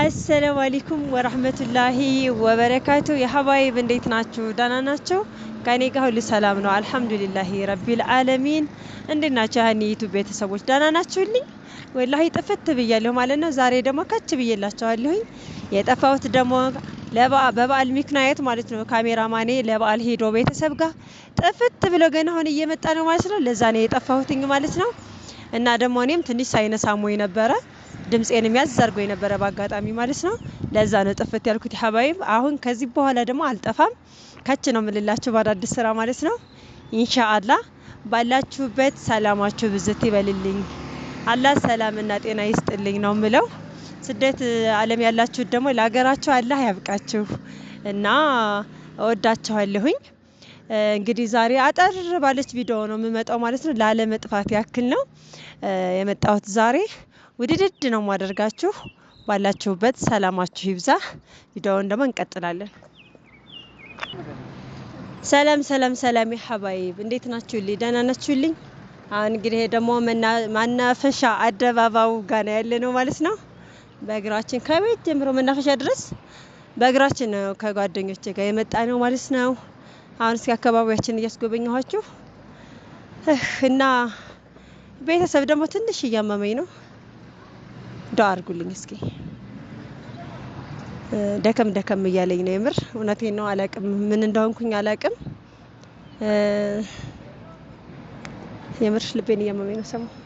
አሰላሙ አለይኩም ወረህመቱላሂ ወበረካቱ። የሀባይብ እንዴት ናችሁ? ደህና ናቸው። ከኔ ጋር ሁሉ ሰላም ነው አልሐምዱሊላሂ ረቢል አለሚን። እንዴት ናቸው ያህኒ ዩቱብ ቤተሰቦች ደህና ናችሁልኝ? ወላሂ ጥፍት ብያለሁ ማለት ነው። ዛሬ ደግሞ ከች ብዬላችኋለሁኝ። የጠፋሁት ደግሞ በበዓል ምክንያት ማለት ነው። ካሜራማኔ ለበአል ለበዓል ሄዶ ቤተሰብ ጋር ጥፍት ብሎ ገና አሁን እየመጣ ነው ማለት ነው። ለዛ ነው የጠፋሁትኝ ማለት ነው። እና ደግሞ እኔም ትንሽ ሳይነሳሙኝ ነበረ ድምፄን የሚያዝ አድርጎ የነበረ በአጋጣሚ ማለት ነው። ለዛ ነው ጥፍት ያልኩት ሀባይብ። አሁን ከዚህ በኋላ ደግሞ አልጠፋም፣ ከች ነው የምልላችሁ በአዳዲስ ስራ ማለት ነው። ኢንሻአላ ባላችሁበት ሰላማችሁ ብዝት ይበልልኝ። አላህ ሰላምና ጤና ይስጥልኝ ነው ምለው። ስደት አለም ያላችሁት ደግሞ ለሀገራችሁ አላህ ያብቃችሁ እና እወዳችኋለሁኝ። እንግዲህ ዛሬ አጠር ባለች ቪዲዮ ነው የምመጣው ማለት ነው። ላለመጥፋት ያክል ነው የመጣሁት ዛሬ ውድድድ ነው ማደርጋችሁ። ባላችሁበት ሰላማችሁ ይብዛ። ቪዲዮውን ደግሞ እንቀጥላለን። ሰላም ሰላም ሰላም ሀባይብ እንዴት ናችሁልኝ? ደህና ናችሁልኝ? አሁን እንግዲህ ደግሞ መናፈሻ አደባባዩ ጋር ያለ ነው ማለት ነው። በእግራችን ከቤት ጀምሮ መናፈሻ ድረስ በእግራችን ነው ከጓደኞች ጋር የመጣ ነው ማለት ነው። አሁን እስኪ አካባቢያችን እያስጎበኘኋችሁ እና ቤተሰብ ደግሞ ትንሽ እያመመኝ ነው ዳ አድርጉልኝ እስኪ። ደከም ደከም እያለኝ ነው የምር እውነቴን ነው። አላቅም ምን እንደሆንኩኝ አላቅም። የምር ልቤን እያመመኝ ነው ሰሞኑን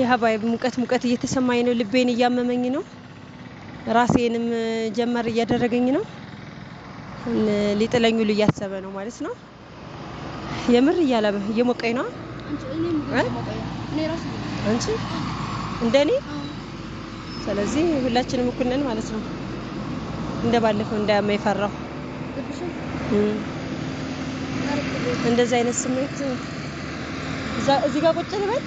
የሀባይ ሙቀት ሙቀት እየተሰማኝ ነው። ልቤን እያመመኝ ነው። ራሴንም ጀመር እያደረገኝ ነው። ሊጥለኝ ሁሉ እያሰበ ነው ማለት ነው። የምር እያለ እየሞቀኝ ነው። አንቺ እንደኔ ስለዚህ ሁላችንም እኩል ነን ማለት ነው። እንደ ባለፈው እንዳማይፈራው እንደዚህ አይነት ስሜት እዚህ ጋር ቁጭ ልበል፣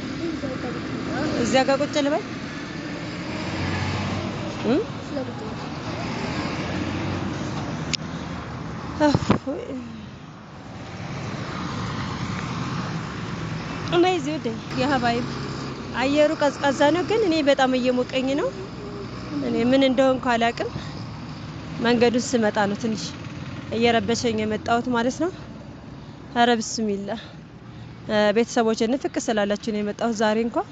እዚያ ጋር ቁጭ ልበል እዚህ ወደ የሀባይ አየሩ ቀዝቃዛ ነው፣ ግን እኔ በጣም እየሞቀኝ ነው። እኔ ምን እንደሆንኩ አላውቅም። መንገዱን ስመጣ ነው ትንሽ እየረበሸኝ የመጣሁት ማለት ነው። ኧረ ብስሚላ ቤተሰቦች እንፍቅ ስላላችሁ ነው የመጣሁት ዛሬ እንኳን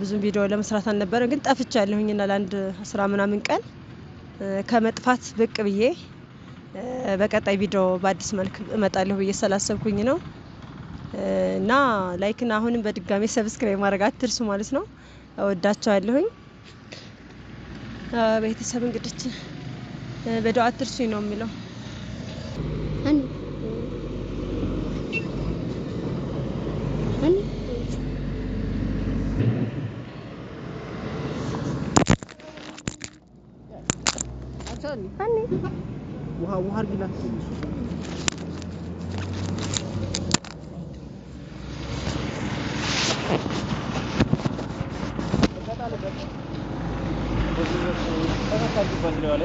ብዙ ቪዲዮ ለመስራት አልነበረ ግን ጠፍቻለሁኝና ለአንድ ስራ ምናምን ቀን ከመጥፋት ብቅ ብዬ በቀጣይ ቪዲዮ በአዲስ መልክ እመጣለሁ ብዬ ስላሰብኩኝ ነው። እና ላይክና አሁንም በድጋሚ ሰብስክራይብ ማድረግ አትርሱ ማለት ነው። እወዳቸዋለሁኝ ቤተሰብ እንግዲህ በደዋ አትርሱኝ ነው የሚለው። አንድ فني فني ውሃ ውሃ አርግላት ተፈታጅ ባንድሬ ዋለ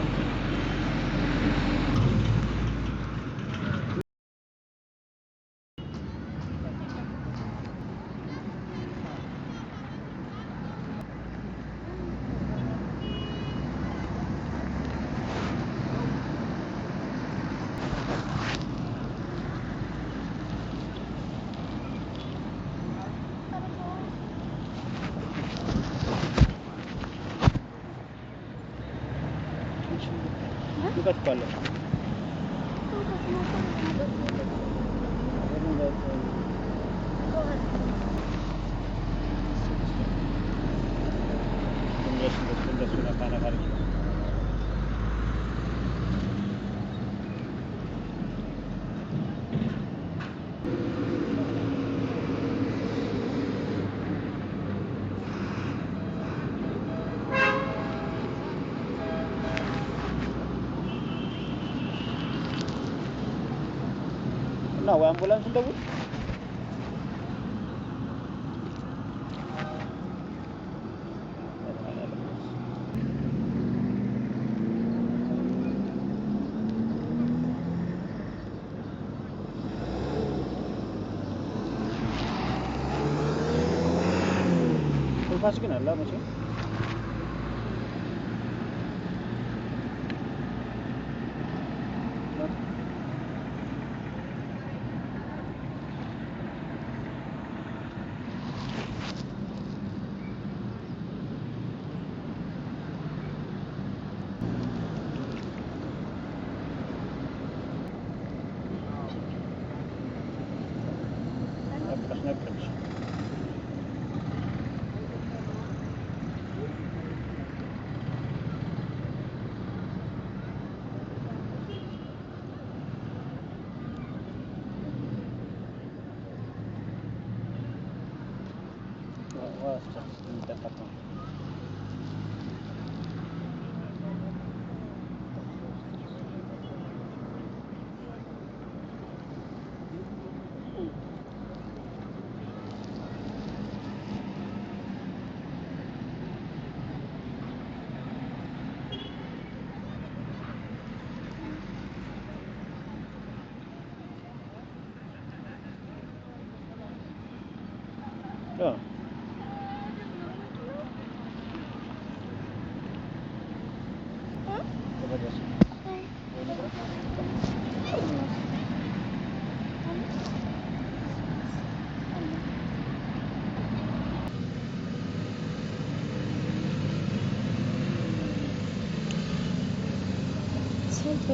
Colo 왜안 골라준다고? 불파시긴 날라 보지?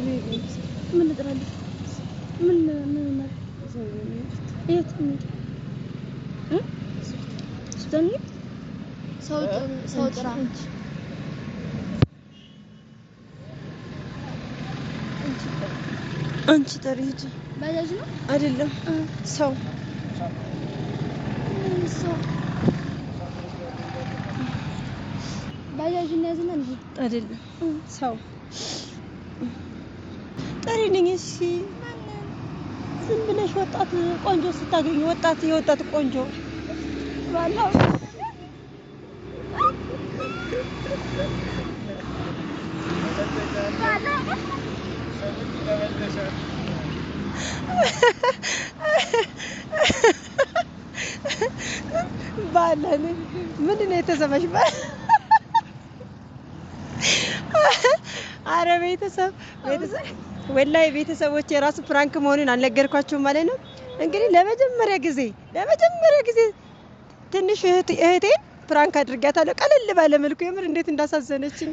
ምን አንቺ ጥሪ ሂጂ። ባጃጅ ነው አይደለም? ሰው ሰው ባጃጅ እንያዝና እንሂድ። አይደለም ሰው ጠሪ ነኝ። እሺ ዝም ብለሽ ወጣት ቆንጆ ስታገኝ ወጣት የወጣት ቆንጆ ባለን ምንድን ነው የተሰማሽ? አረ ቤተሰብ ቤተሰብ ወላይ ቤተሰቦች የራሱ ፕራንክ መሆኑን አልነገርኳቸውም ማለት ነው። እንግዲህ ለመጀመሪያ ጊዜ ለመጀመሪያ ጊዜ ትንሽ እህቴን ፕራንክ አድርጋታለሁ። ቀለል ባለ መልኩ የምር እንዴት እንዳሳዘነችኝ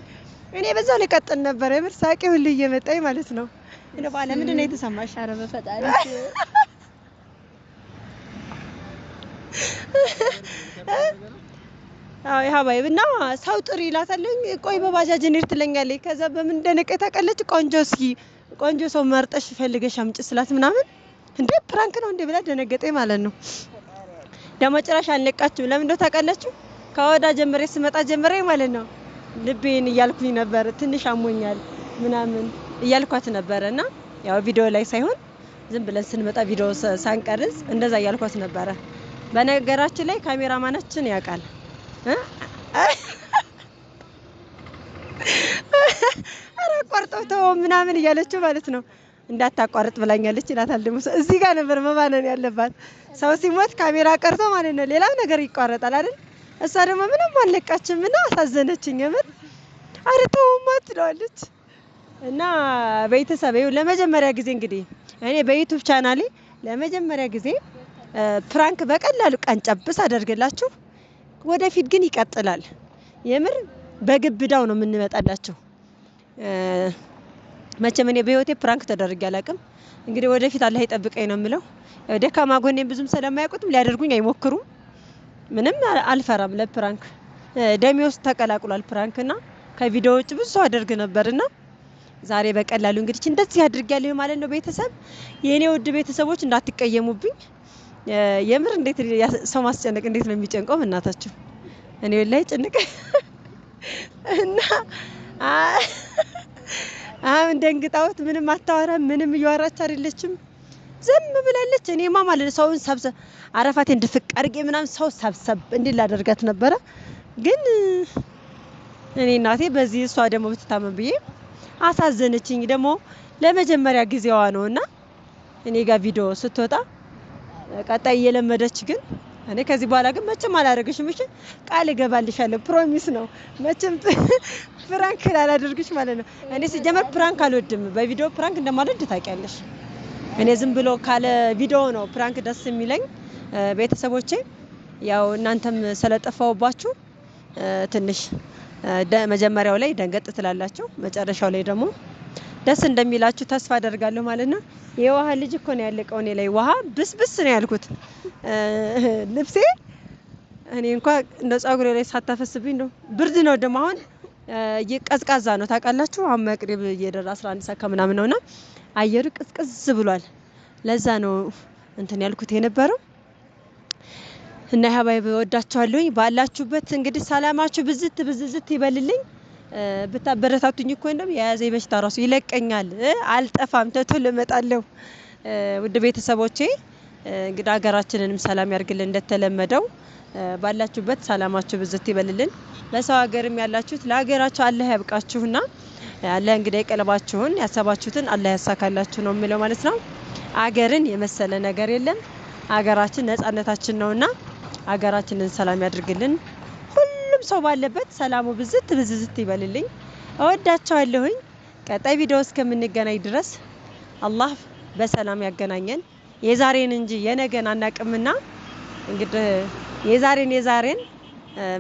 እኔ በዛ ላይ ቀጥል ነበር። የምር ሳቄ ሁሉ እየመጣኝ ማለት ነው። እንደ ባለ ምንድን ነው የተሰማሽ? ኧረ በፈጣሪ አይ ሀባይብ እና ሰው ጥሪ ይላታለኝ። ቆይ በባጃጅ እንሂድ ትለኛለች። ከዛ በምን እንደነቀ ታውቃለች። ቆንጆ እስኪ ቆንጆ ሰው መርጠሽ ፈልገሽ አምጪ ስላት ምናምን እንዴ ፕራንክ ነው እንዴ ብላ ደነገጠ ማለት ነው። ለመጨረሻ አልነቃችም። ለምን እንደው ታውቃላችሁ? ከወዳ ጀምሬ ስመጣ ጀምሬ ማለት ነው ልቤን እያልኩኝ ነበር፣ ትንሽ አሞኛል ምናምን እያልኳት ነበረ እና ያው ቪዲዮ ላይ ሳይሆን ዝም ብለን ስንመጣ ቪዲዮ ሳንቀርጽ እንደዛ እያልኳት ነበረ። በነገራችን ላይ ካሜራማናችን ያውቃል። ምናምን እያለችው ማለት ነው እንዳታቋርጥ ብላኛለች ይላታል። ደግሞ እዚህ ጋር ነበር መባነን ያለባት። ሰው ሲሞት ካሜራ ቀርቶ ማለት ነው ሌላም ነገር ይቋረጣል አይደል? እሷ ደግሞ ምንም አለቃችም እና አሳዘነችኝ። የምር አርተውማ ትለዋለች። እና ቤተሰብ ለመጀመሪያ ጊዜ እንግዲህ እኔ በዩቱብ ቻናሌ ለመጀመሪያ ጊዜ ፕራንክ በቀላሉ ጨብስ አደርግላችሁ። ወደፊት ግን ይቀጥላል። የምር በግብዳው ነው የምንመጣላችሁ። መቼም እኔ በህይወቴ ፕራንክ ተደርጌ አላውቅም። እንግዲህ ወደፊት አላህ ይጠብቀኝ ነው የምለው። ደካማ ጎኔም ብዙም ስለማያውቁትም ሊያደርጉኝ አይሞክሩም። ምንም አልፈራም ለፕራንክ። ደሜ ውስጥ ተቀላቅሏል ፕራንክና ከቪዲዮ ውጭ ብዙ ሰው አደርግ ነበርና ዛሬ በቀላሉ እንግዲህ እንደዚህ አድርጌያለሁ ማለት ነው። ቤተሰብ የእኔ ውድ ቤተሰቦች እንዳትቀየሙብኝ። የምር እንዴት ሰው ማስጨነቅ እንዴት ነው የሚጨንቀው? እናታችሁ እኔ ላይ ጭንቀ እና አሁን ደንግጣውት ምንም አታወራ ምንም እያወራች አይደለችም። ዝም ብላለች። እኔማ ማለት ሰውን ሰብሰብ አረፋቴን ድፍቅ አድርጌ ምናምን ሰው ሰብሰብ እንዲል ላደርጋት ነበረ። ግን እኔ እናቴ በዚህ እሷ ደግሞ ብትታመን ብዬ አሳዘነችኝ። ደግሞ ለመጀመሪያ ጊዜዋ ነውና እኔ ጋር ቪዲዮ ስትወጣ ቀጣይ እየለመደች ግን እኔ ከዚህ በኋላ ግን መቼም አላደርግሽም። እሺ ቃል እገባልሻለሁ። ፕሮሚስ ነው። መቼም ፕራንክ ላላደርግሽ ማለት ነው። እኔ ሲጀመር ፕራንክ አልወድም። በቪዲዮ ፕራንክ እንደማልወድ ታውቂያለሽ። እኔ ዝም ብሎ ካለ ቪዲዮ ነው ፕራንክ ደስ የሚለኝ። ቤተሰቦቼ ያው እናንተም ስለጠፋውባችሁ ትንሽ መጀመሪያው ላይ ደንገጥ ትላላችሁ፣ መጨረሻው ላይ ደግሞ ደስ እንደሚላችሁ ተስፋ አደርጋለሁ ማለት ነው። የውሃ ልጅ እኮ ነው ያለቀው እኔ ላይ ውሃ ብስብስ ነው ያልኩት ልብሴ። እኔ እንኳ እንደ ጸጉሬ ላይ ሳታፈስብኝ ነው። ብርድ ነው ደግሞ አሁን ቀዝቃዛ ነው ታውቃላችሁ። አሁን መቅሪብ እየደራ 11 ሰዓት ከምናምን ነውና አየሩ ቅዝቅዝ ብሏል። ለዛ ነው እንትን ያልኩት የነበረው እና ሀባይ ወዳችኋለሁኝ። ባላችሁበት እንግዲህ ሰላማችሁ ብዝት ብዝዝት ይበልልኝ። ብታበረታቱኝ እኮ እንደም የያዘ በሽታ ራሱ ይለቀኛል፣ አልጠፋም፣ ቶሎ እመጣለሁ። ውድ ቤተሰቦቼ እንግዲህ ሀገራችንንም ሰላም ያርግልን። እንደተለመደው ባላችሁበት ሰላማችሁ ብዝት ይበልልን። በሰው ሀገርም ያላችሁት ለሀገራችሁ አላህ ያብቃችሁና አላህ እንግዲህ የቀለባችሁን ያሰባችሁትን አላህ ያሳካላችሁ ነው የሚለው ማለት ነው። አገርን የመሰለ ነገር የለም። ሀገራችን ነጻነታችን ነውና ሀገራችንን ሰላም ያድርግልን። ሁሉም ሰው ባለበት ሰላሙ ብዝት ብዝዝት ይበልልኝ። እወዳቸዋለሁኝ። ቀጣይ ቪዲዮ እስከምንገናኝ ድረስ አላህ በሰላም ያገናኘን። የዛሬን እንጂ የነገን አናቅምና እንግዲህ የዛሬን የዛሬን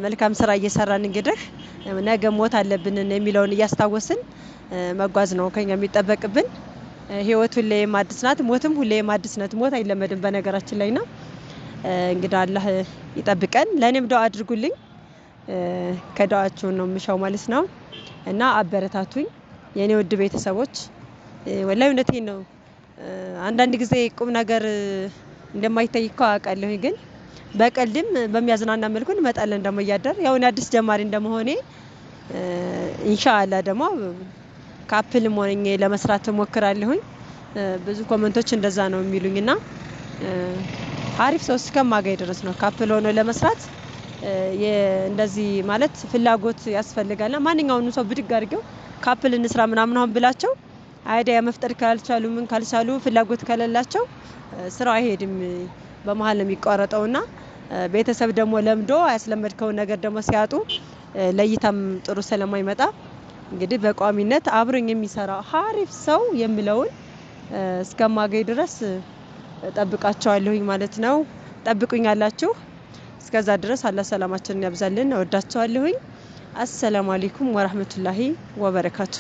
መልካም ስራ እየሰራን እንግዲህ ነገ ሞት አለብን የሚለውን እያስታወስን መጓዝ ነው ከኛ የሚጠበቅብን። ህይወት ሁሌም አዲስ ናት፣ ሞትም ሁሌም አዲስ ናት። ሞት አይለመድም በነገራችን ላይ ነው። እንግዲህ አላህ ይጠብቀን። ለእኔም ደው አድርጉልኝ። ከዳዋቸውን ነው የምሻው ማለት ነው። እና አበረታቱኝ የእኔ ውድ ቤተሰቦች፣ ወላሂ እውነቴን ነው። አንዳንድ ጊዜ ቁም ነገር እንደማይታይ እኮ አውቃለሁኝ፣ ግን በቀልድም በሚያዝናና መልኩ እንመጣለን ደግሞ እያደር ያው አዲስ ጀማሪ እንደመሆኔ ኢንሻአላ ደግሞ ካፕልም ሆነኝ ለመስራት ሞክራለሁኝ። ብዙ ኮመንቶች እንደዛ ነው የሚሉኝ አሪፍ ሰው እስከማገኝ ድረስ ነው ካፕል ሆኖ ለመስራት እንደዚህ ማለት ፍላጎት ያስፈልጋልና ማንኛውንም ሰው ብድግ አድርገው ካፕል እንስራ ምናምን አሁን ብላቸው አይዲያ መፍጠር ካልቻሉ ምን ካልቻሉ ፍላጎት ከሌላቸው ስራው አይሄድም በመሀል ነው የሚቋረጠውና ቤተሰብ ደግሞ ለምዶ ያስለመድከውን ነገር ደግሞ ሲያጡ ለእይታም ጥሩ ስለማይመጣ እንግዲህ በቋሚነት አብሮኝ የሚሰራ ሀሪፍ ሰው የሚለውን እስከማገኝ ድረስ ጠብቃቸዋለሁኝ ማለት ነው። ጠብቁኝ አላችሁ። እስከዛ ድረስ አላህ ሰላማችንን ያብዛልን። እወዳቸዋለሁኝ። አሰላሙ አሌይኩም ወራህመቱላሂ ወበረከቱ